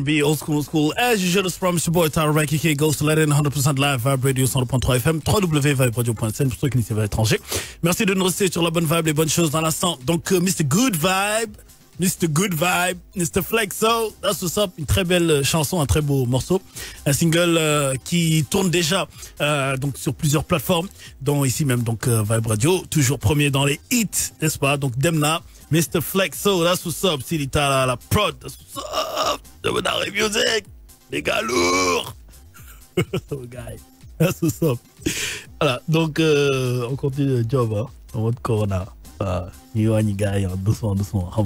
R&B, old school, old school. As usual, it's from your boy Tara K. Goes to Latin 100% live, Vibe Radio 100.3 FM, www.vibradio.cn pour ceux qui n'y pas étranger Merci de nous rester sur la bonne vibe, les bonnes choses dans l'instant. Donc, euh, Mr. Good Vibe, Mr. Good Vibe, Mr. Flexo, that's what's up. Une très belle euh, chanson, un très beau morceau. Un single euh, qui tourne déjà donc sur plusieurs plateformes, dont ici même donc Vibe Radio, toujours premier dans les hits, n'est-ce pas Donc Demna, Mr. Flexo, that's what's up. City Tala, la prod, that's what's up. la musique, les gars lourds. Oh, that's what's up. Voilà, donc euh, on continue le job hein, en mode Corona. Ni en ni gars, hein, doucement, doucement. Ah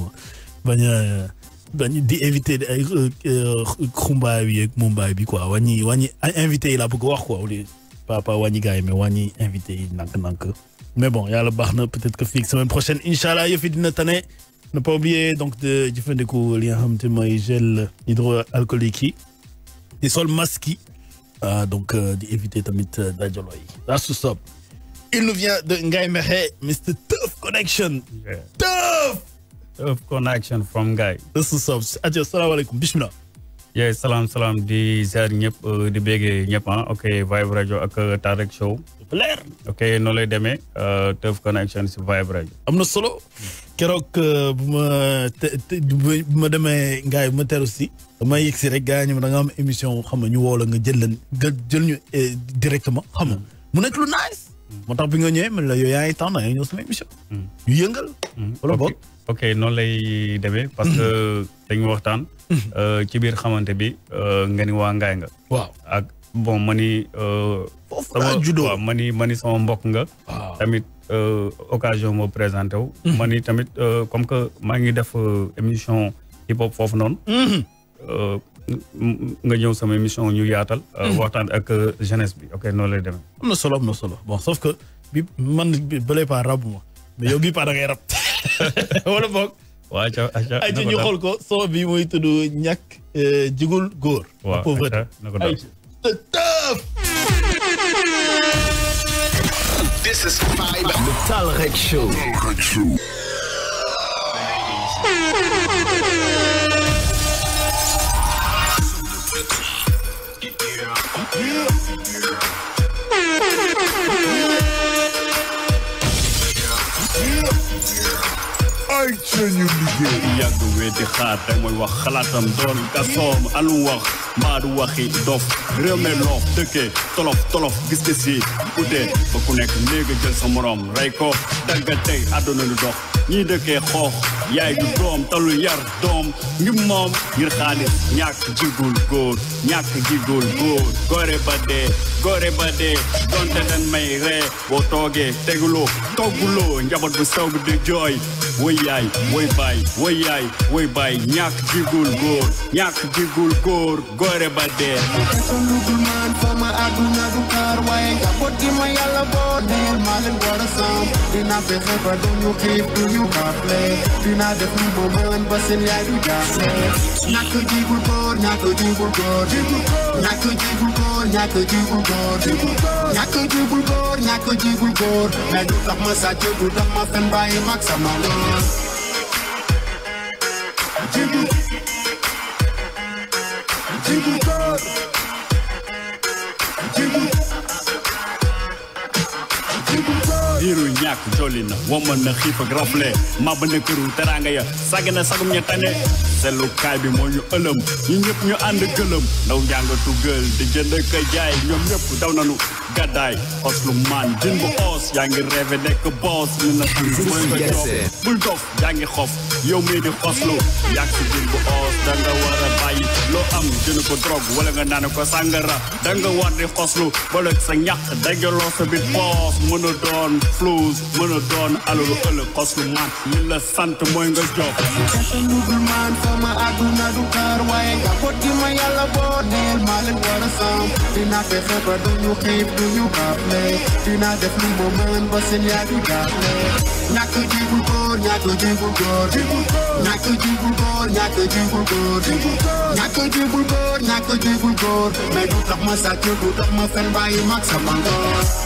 bani euh, banya, invité, euh, Krumba ak avec bi quoi. Wani, wani, invité la pour voir quoi. Wani gars, mais Wani invité, mais bon y il a le barneau, peut-être que la semaine prochaine Inch'Allah, il y a une année. ne pas oublier donc de des de nga de te mooy gel hydroalcoolique des sols masqués masque ah, donc d'éviter de mettre dajalo that's what's il nous vient de Ngaï Mekhe Mr Tough Connection Tough Tough Connection from Guy. that's what's up bismillah yee salaam salaam di ziar ñëpp euh, di béggee ñëpp ah ok Vibe Radio ak euh, Taarak sow leer ok noonu lay demee euh, Teuf Connection si Vibe Radio. am na solo keroog bu ma bu ma demee ngaay bu ma teru si. dama yegg si rek gars yi ñu da nga am émission xam nga ñu woo la nga jël leen nga jël ñu directement xam nga hmm. mu nekk lu nice. Hmm. moo tax bi nga ñëwee man la yow yaa ngi temps da ngay sama émission. Hmm. ñu yëngal. wala boog. ok non lay demee. parce que dañu waxtaan. Euh, ci biir xamante bi euh, nga ni waa ngaay nga. waaw ak bon ma ni. Euh, sama laa waaw ma ni ma ni sama mbokk nga. tamit occasion moo présenté wu. Mm-hmm. ma ni tamit comme que maa ngi def émission hip hop foofu noonu. Mm-hmm. nga ñëw sama émission ñu yaatal. Mm-hmm. waxtaan ak jeunesse bi ok non lay demee. am na solo am na solo bon sauf que bi man bi bële pas rabu ma mais yow bi pas da ngay rab. wala boog. ñu ko bi muy jigul góor. pauvreté This is Five Metal Talrec Show. Show. Yeah. ay ca ñu liggéey yàgg weeti xaar te mooy wax xalaatam doon gasoom alu wax maadu waxi dof réew mi loof dëkkee tolof tolof gis gis yi utee ba ku nekk néega jël sa morom ray ko dagga tey àdduna lu dox ñii dëkkee xoox yaay du doom talu yar doom ngi moom ngir xaalis ñàkk jigul góor ñàkk jigul góor gore ba dee gore ba dee donte den may ree boo toogee teguloo togguloo njaboot bu sew di jooy woy yaay woy baay woy yaay woy baay ñàkk jigul góor ñàkk jigul góor gore ba dee sama na de football man Basim ya du da Na ko di bu ko na ko di bu ko di bu ko Na ko di bu ko na ko di bu ko di bu ko Na ko di bu ko na ko di bu ko Na du tak ma sa di bu da niiru ñàkk jolli na na xiif ak rafle màbb na këru ya sàgg sagum ña tane sellukaay bi moo ñu ëlëm ñu ñu ànd gëlëm ndaw njàngatu gël di jënd ka jaay daw nanu bul dof xof yow di da nga bàyyi am jënd ko drogue wala nga ko sàngara da nga war di xoslu boloog sa ñàq dajaloo sa bit boss, mën doon flows mën a doon alalu ëllëg xos lu maan li la sant mooy nga jox kese nugul maan sama àdduna du kaar waaye nga xotti ma yàlla boo neel maa leen war a sam dina fexe ba duñu xiif duñu xaafle dina def lu ma mën ba seen yaa du jaaxle ñàkk jigul góor ñàkk jigul góor ñàkk jigul góor ñàkk jigul góor ñàkk jigul góor ñàkk jigul góor mais du tax ma sàcc du tax ma fen bàyyi mag sama ngoor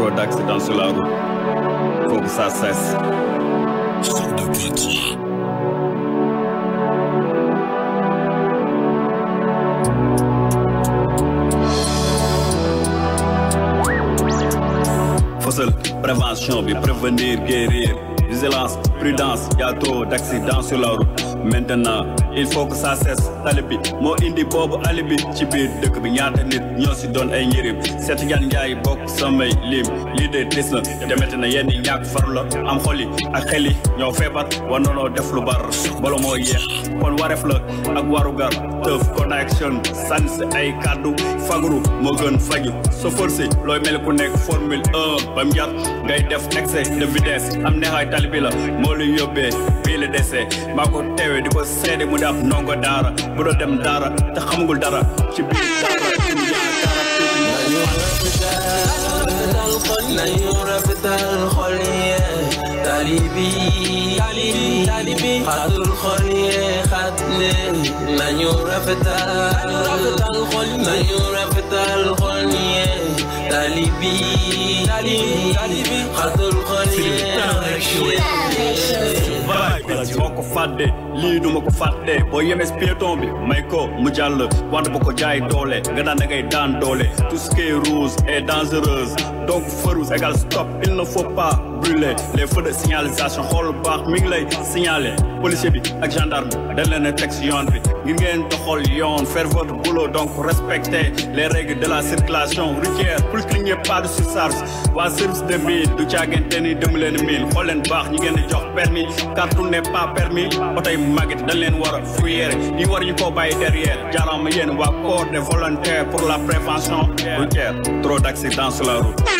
Products dans Faut que ça cesse. prévention, bien prévenir, guérir. Vigilance, prudence, y'a trop d'accidents sur la route. Maintenant, il faut que ça cesse tali Moi, indi bobu alibi. ci biir dëkk bi ñaata nit ñoo si doon ay njëriñ seetu ñaan njaay bokk lim lii de tis na demete na yenn ñàkk faru am xoli ak xeli ñoo feebar war def lu bar yeex kon la ak connection Sans ay kàddu fagru mo gën faju so forcé looy mel ku nekk formule 1 bam jar ngay def excès de vitesse am neexaay talibi la moo luy yóbbee bii di ab ndongo bu doo dem daara te xamagul dara ci biir لا يرفد الخلية تاليبي تاليبي تاليبي خد الخلية خد من يرفد الخلية من يرفد talibi talibi xatal xali boo ko fàtte lii duma ko fàtte boo yemes piéton bi may ko mu jàll wante bu ko jaay doole nga daan da ngay daan doole tout ce qui est rouge est eh, dangereuse donc feu rouge égal stop il ne faut pas brûler les feux de signalisation Hol bar, minglay, signaler policier bi ak gendarme de leen de teg si yoon bi ngir de faire votre boulot donc respecter les règles de la circulation routière plus cligner pas de sous-sars, waa de bill du caagante teni de leen mil mille leen baax ñi di permis car tout n'est pas permis oto yi màgget dañ leen war a fouiller yi war derrière jaaraama yéen wakor corps des volontaires pour la prévention routière trop d'accidents sur la route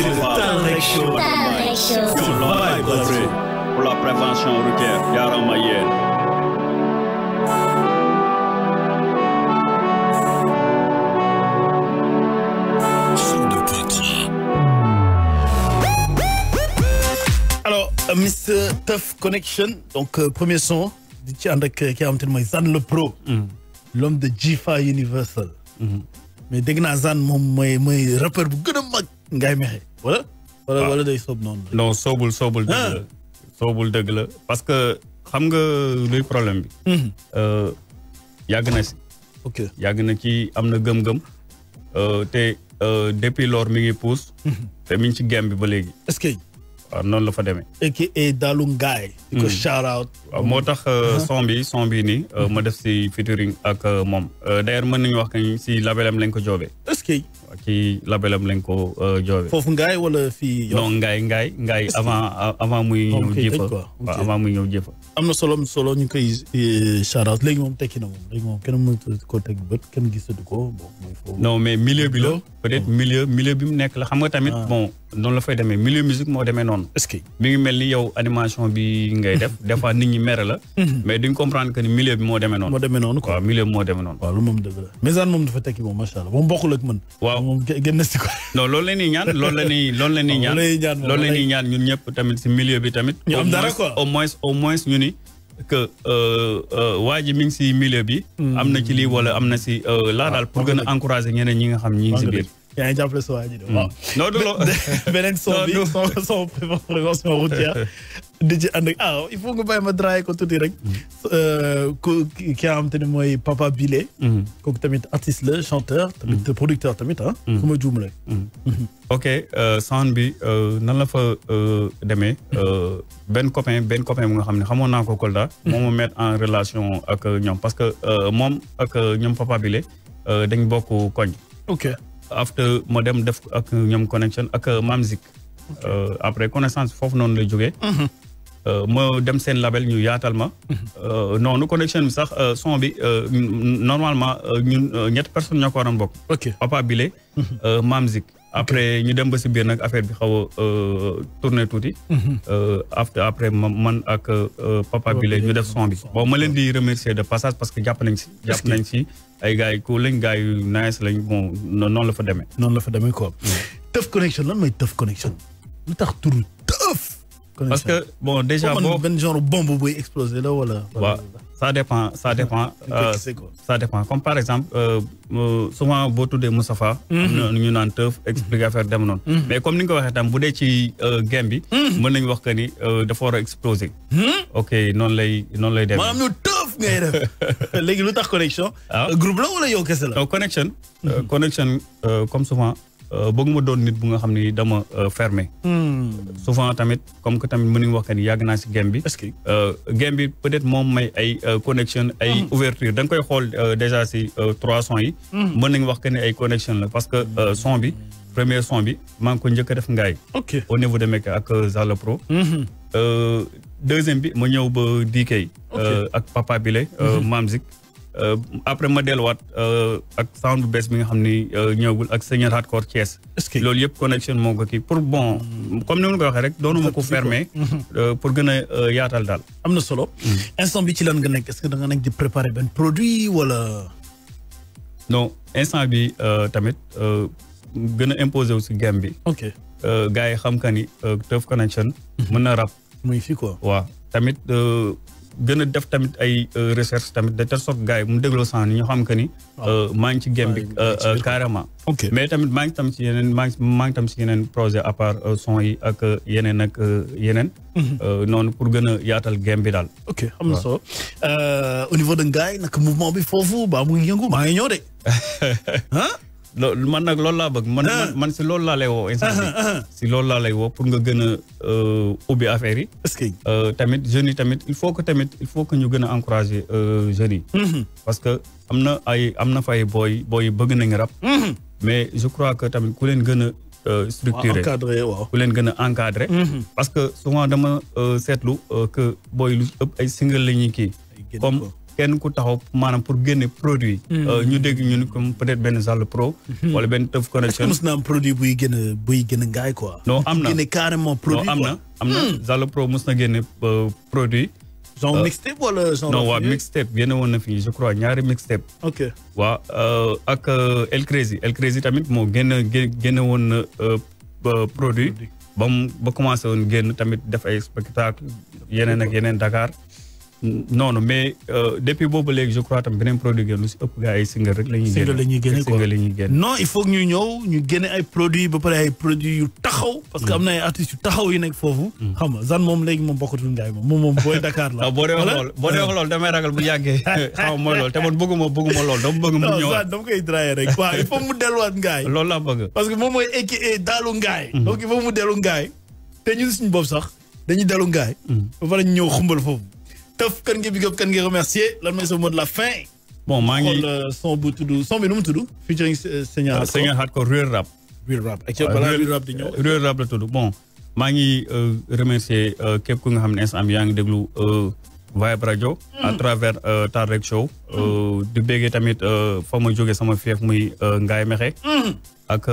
C'est le Tarek Show. Tarek Show. Sur le Brasserie. Pour la prévention routière, Yara Mayer. Alors, euh, Mr. Tough Connection, donc euh, premier son, qui est euh, Zan le Pro, mm. l'homme de G5 Universal. Mm. Mais dès que Zan, moi, moi, rappeur, je suis ngay mexe wala. wala day soob noonu. non soobul soobul dëgg la. Ah. soobul dëgg la parce que xam nga luy problème bi. Hmm. Euh, yàgg na si. ok yàgg na ci am na gëm-gëm. Euh, te euh, depuis loor mi ngi puus. Hmm. te mi ngi ci game bi ba léegi. est-ce que. noonu la fa demee. aka Dalu Ngaye. di hmm. moo tax uh-huh. son bi son bi nii ma def si featuring ak moom d'ailleurs mën nañu wax que si labelam lañ ko joobee. ci labelam lañ ko euh, joobee. foofu ngaay wala fii. non ngaay ngaay ngaay avant avant muy. ñëw jëfa waaw avant muy ñëw jëfa. am na solo solo ñu koy charage euh, léegi moom tekki na moom léegi moom kenn mënut ko teg bët kenn gisatu ko. non mais milieu bi la peut milieu milieu bi mu nekk la xam nga tamit ah. bon. noonu la fay demee milieu musique moo deme noonu. est-ce que mi ngi mel ni yow animation bi ngay def des fois nit ñi mere la. Mhm. mais duñ comprendre que milieu bi moo demee noonu. moo demee noonu quoi waaw milieu bi moo demee noonu. waaw lu moom dëgg dafa tekki moom macha allah moom bokkul waaw moom gën na si quoi. non la ñuy ñaan loolu la ñuy ñaan loolu la tamit si milieu bi tamit. ñu am dara quoi au moins au moins ñu ni. que euh, euh, ji mi ngi si milieu bi. Hmm. am na ci lii wala am na si euh, laa ah, daal pour gën a encourager ñeneen ñi nga xam ñi ngi si Il y a un diable il faut que je me Papa Bilé. Mm. artiste chanteur. Mm. producteur ah. mm. mm-hmm. ok euh, Sanbi euh, la euh, copain copain mettre en relation avec parce que Papa Bilé ok after ma dem def ak ñom connection ak euh, Mamzik euh, après connaissance non lay jogué euh ma dem sen label ñu yaatal ma mhm. euh, nonu connection bi sax son bi normalement ñun ñet personne ñoko ko waroon OK Papa Bile mhm. Mamzik après ñu dem ba si biir nak affaire bi xaw tourner touti mhm. euh after après man ak Papa Bile ñu def son bi bon ma leen di remercier de passage parce que japp nañ ci japp nañ ci ay gars yu cool lañ gars yu nice lañ bon noonu la fa demee. noonu la fa demee quoi. Mm. Teuf Connection lan mooy Teuf Connection lu tax turu Teuf. parce comme par exemple euh, euh, souvent boo tuddee Moustapha. Mm-hmm. ñu naan Teuf explique mm-hmm. affaire dem noonu. Mm-hmm. mais comme ni nga ko waxee tam bu dee ci euh, game bi. mën nañu wax que ni dafa hmm? ok noonu lay noonu lay demee. ngay def léegi lu tax connexion. Ah. Euh, groupe la wala yow kese la. Euh, connexion. Euh, connexion comme souvent bëgg ma doon nit bu nga xam ni dama fermé. Hmm. souvent tamit comme que tamit mën nañu wax que ni yàgg naa si game bi. est-ce que bi peut-être moom may ay connexion ay hmm. ouverture da nga koy xool déjà si trois sons yi. Hmm. mën nañu wax que ni ay connexion la parce que son bi. premier son bi maa ngi ko njëkk a def ngaay. au niveau de Mecca ak Zala Pro. deuxième bi ma ñëw ba DK. Euh, ak Papa Bile. Euh, mhm. Maam Zik euh, après ma delluwaat ak sound bu bees bi nga xam ni ñëwagul ak Seigneur Hardcore Thiès. loolu yëpp connexion moo ko kii pour bon comme ni ma la ko waxee rek doonu ma ko fermer. Mhm. pour gën a yaatal daal. am na solo. Mhm. instant bi ci lan nga nekk nga nekk di préparer benn produit wala. non instant bi tamit gën a imposé wu si game bi. ok gars yi xam ka ni Teuf Connection. mën na rap. muy fii waaw tamit euh, gën a def tamit ay euh, recherche tamit de telle sorte gars yi mu dégloo sànq ñu xam que ni. Euh, maa ngi ci game bi carrément. ok mais tamit maa ngi tam ci yeneen maa ngi maa ngi tam yeneen projet à part son yi ak yeneen ak yeneen. Mhm. noonu pour gën a yaatal game bi daal. au niveau de Ngaye nag mouvement bi foofu ba mu ngi yëngu maa ngi ñëw de. loolu man nag loolu laa bëgg. Ah. man man si loolu laa lay woo instant bi ah, ah, si loolu lay pour nga gën a euh, ubbi affaire yi. est-ce que euh, tamit jeunes yi tamit il faut que tamit il faut que ñu gën a encourager euh, jeunes mm-hmm. parce que am na ay am na fay booy booy bëgg nañ rap. Mm-hmm. mais je crois que tamit ku leen gën a. ku leen gën a mm-hmm. parce que souvent dama seetlu que booy lu ëpp ay single la ñuy kii. kenn ku taxaw maanaam pour génne produit. Hmm. Euh, ñu dégg ñun comme peut être benn Sall Pro. Hmm. wala benn Teuf Connection. est ce que mos na am produit buy gën buy gën a ngaay quoi. non am na génne carrément produit am na am na Sall hmm. Pro mos na génne euh, produit. genre euh, mixtape wala genre. non waa mixtape génne woon na fii je crois ñaari mixtape. ok waa ak El Crazy El Crazy tamit moo génne génne woon na produit. ba mu ba commencé woon génn tamit def ay spectacle yeneen ak yeneen Dakar. noonu mais euh, depuis boobu léegi je crois tam beneen produit génn lu si ëpp gars ay single rek la ñuy génne la ñuy non il faut ñu ñëw ñu génne ay produits ba ay produits yu taxaw parce que mm. am na ay artistes yu taxaw yu nekk foofu mm. xam nga zan moom léegi moom bokkatul ngaay moom moom moom booy Dakar la ah, boo dee damay ragal bu yàggee xaw ma mooy loolu te man bëgguma bëgguma loolu dama bëgg mu ñëwaat dama koy draye rek waaw il faut mu delluwaat que moom mooy aka daalu ngaay mm. donc il faut mu dellu ngaay te ñun suñu bopp sax dañuy dellu ngaay ba pare ñëw xumbal foofu tëf kan nga big up kan nga remercier lan mooy mode mot de la fin. bon maa ngi euh, son bu tudd son bi nu mu featuring euh, Seigneur Hardcore Seigneur Hardcore Real Rap. Real Rap ak Real Rap di Real Rap la tudd bon maa ngi euh, remercier képp ku nga xam ne instant deglu Vibe Radio. à mm. travers euh, Tardec Show. Euh, di béggee tamit euh, fa ma jóge sama fief muy ngaay Mexe. Mm. ak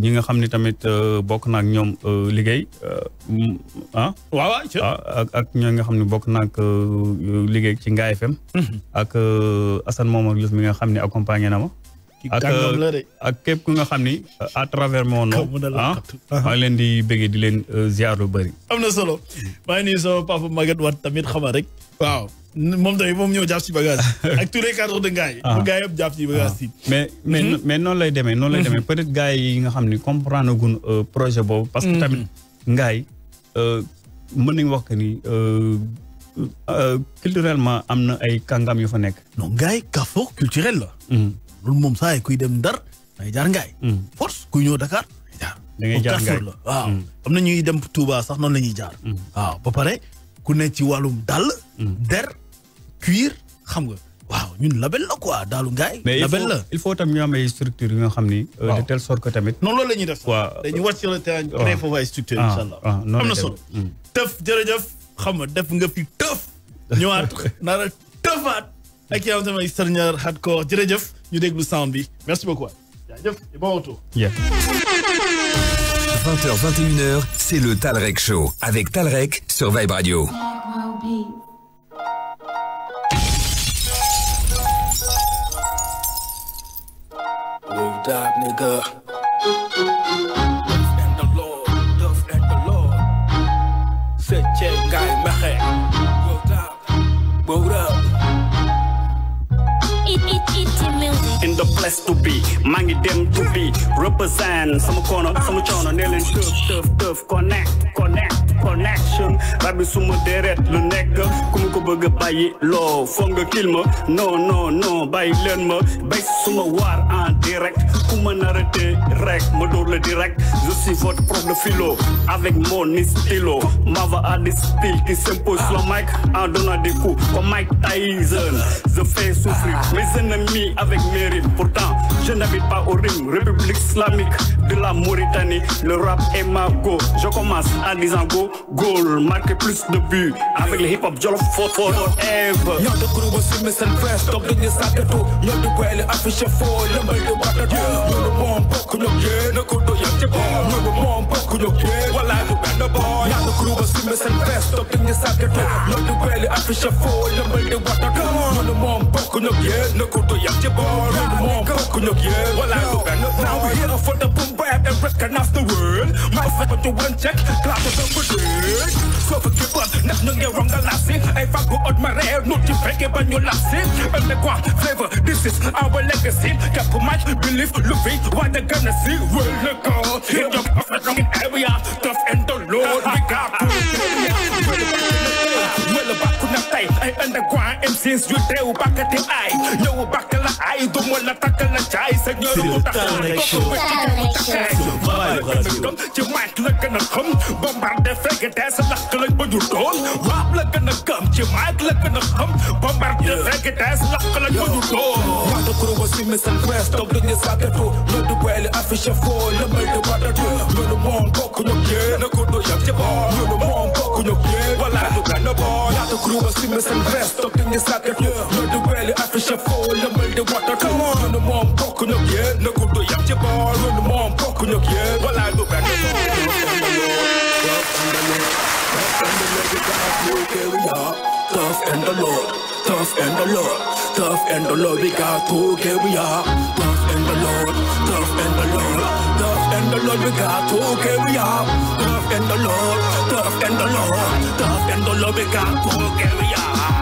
ñi nga xam ni tamit bokk naak ñoom liggéey ah. waaw ah, ak ak nga xam ni bokk naak liggéey ci Ngaye FM. Mm-hmm. ak Assane moom ak mi nga xam ne accompagné na ma. ak euh, ak képp nga xam ni euh, à travers mon nom ah leen di bëggee di leen euh, ziar lu bëri. am na solo maa ngi soo sama papa Maguette Wade tamit xama rek waaw moom tamit moom ñëw jàpp si bagage ak Touré cadre de gars yi. bu gars yëpp ah. mais mais mhm. mais lay demee noonu lay mhm. demee peut être gars nga xam ni comprendre gun projet boobu. parce que mhm. tamit ngaay yi mën nañu wax que ni. culturellement am na ay kangam yu fa nekk. donc gars yi carrefour culturel la. loolu moom saa yi kuy dem Ndar da ngay jaar Ngaay. Hmm. force kuy ñëw Dakar da ngay jaar. ngay la waaw. Hmm. am na ñuy dem Touba sax noonu la ñuy jaar. Hmm. waaw ba pare ku ne ci wàllum dal der cuir xam nga. waaw ñun label la quoi Daalu Ngaay. label la mais il faut tam ñu am ay structures yoo xam ni. Euh, de telle sorte que tamit. non la ñuy def sax. le terrain. waaw créé foofu ay structures ah, incha ah, xam nga def nga fi tëf. ñëwaat nara tëfaat. ak yow tamay Serigne Hardcore jërëjëf ñu déglu sound bi merci beaucoup jaajëf et bon retour. 20h 21h c'est le Talrec Show avec Talrec sur Vibe Radio. blessed to be maa ngi dem to be represent sama kono sama coono nee leen tëf tëf tëf connect connect connection rabi sumo deret lu nekk ku mu ko bëgg a bàyyi loo foog nga kil ma non non non bàyyi leen ma direct ku me nar a me dor direct je suis votre prof de philo avec mon stylo Mava a des styles qui s'imposent sur le mic en donnant des coups comme Mike Tyson je fais souffrir mes ennemis avec mes rimes pourtant je n'habite pas au Rime République islamique de la Mauritanie le rap est ma go je commence en disant go goal marquer plus de buts avec le hip hop le for forever ñoo dëkk ruuba summi seen veste toog dañu sàkkatu ñoo di boole affiché foo lëmbal batata Mwen nou moun pou kou ye Nou kou do yon te boy Mwen nou moun pou ye Wala nou ben boy Nan nou me sen fest de ye do yon te boy Mwen nou moun pou ye Wala boy Now we for the boom And recognize the My fight on one check Clap on the good So forgive us wrong the lassie Ay fake ban flavor This is our legacy Kapu my Believe, believe, living what they gonna see Well, look out. Here the fucking area, tough and the Lord, we got to Well, back to Natay, I underground, and since you deal back at the eye, no back to the eye, don't want to tackle the chai, say you're the time. You might look in the home, bombard the faggot ass, and the killing, but you don't. Rob looking the je maakt lekker een hum. Bombardier, reggae, dance, lachen, wat je door. Wat de crew was in mijn quest, dan ben je zaken toe. Met de wijle affiche voor, dan ben je wat er toe. Met de mom, bokken op je, dan komt door je bal. Met de mom, bokken op je, wat laat ik aan de de crew was in mijn quest, dan ben je zaken toe. Met de wijle affiche voor, dan ben je wat er toe. Met de mom, bokken op je, dan komt door je bal. Met de mom, bokken op je, wat laat ik aan de God will carry up. Tough and the Lord, tough and the Lord, tough and the Lord, we got to carry up. Tough and the Lord, tough and the Lord, tough and the Lord, we got to carry up. Tough and the Lord, tough and the Lord, tough and the Lord, we got to carry up.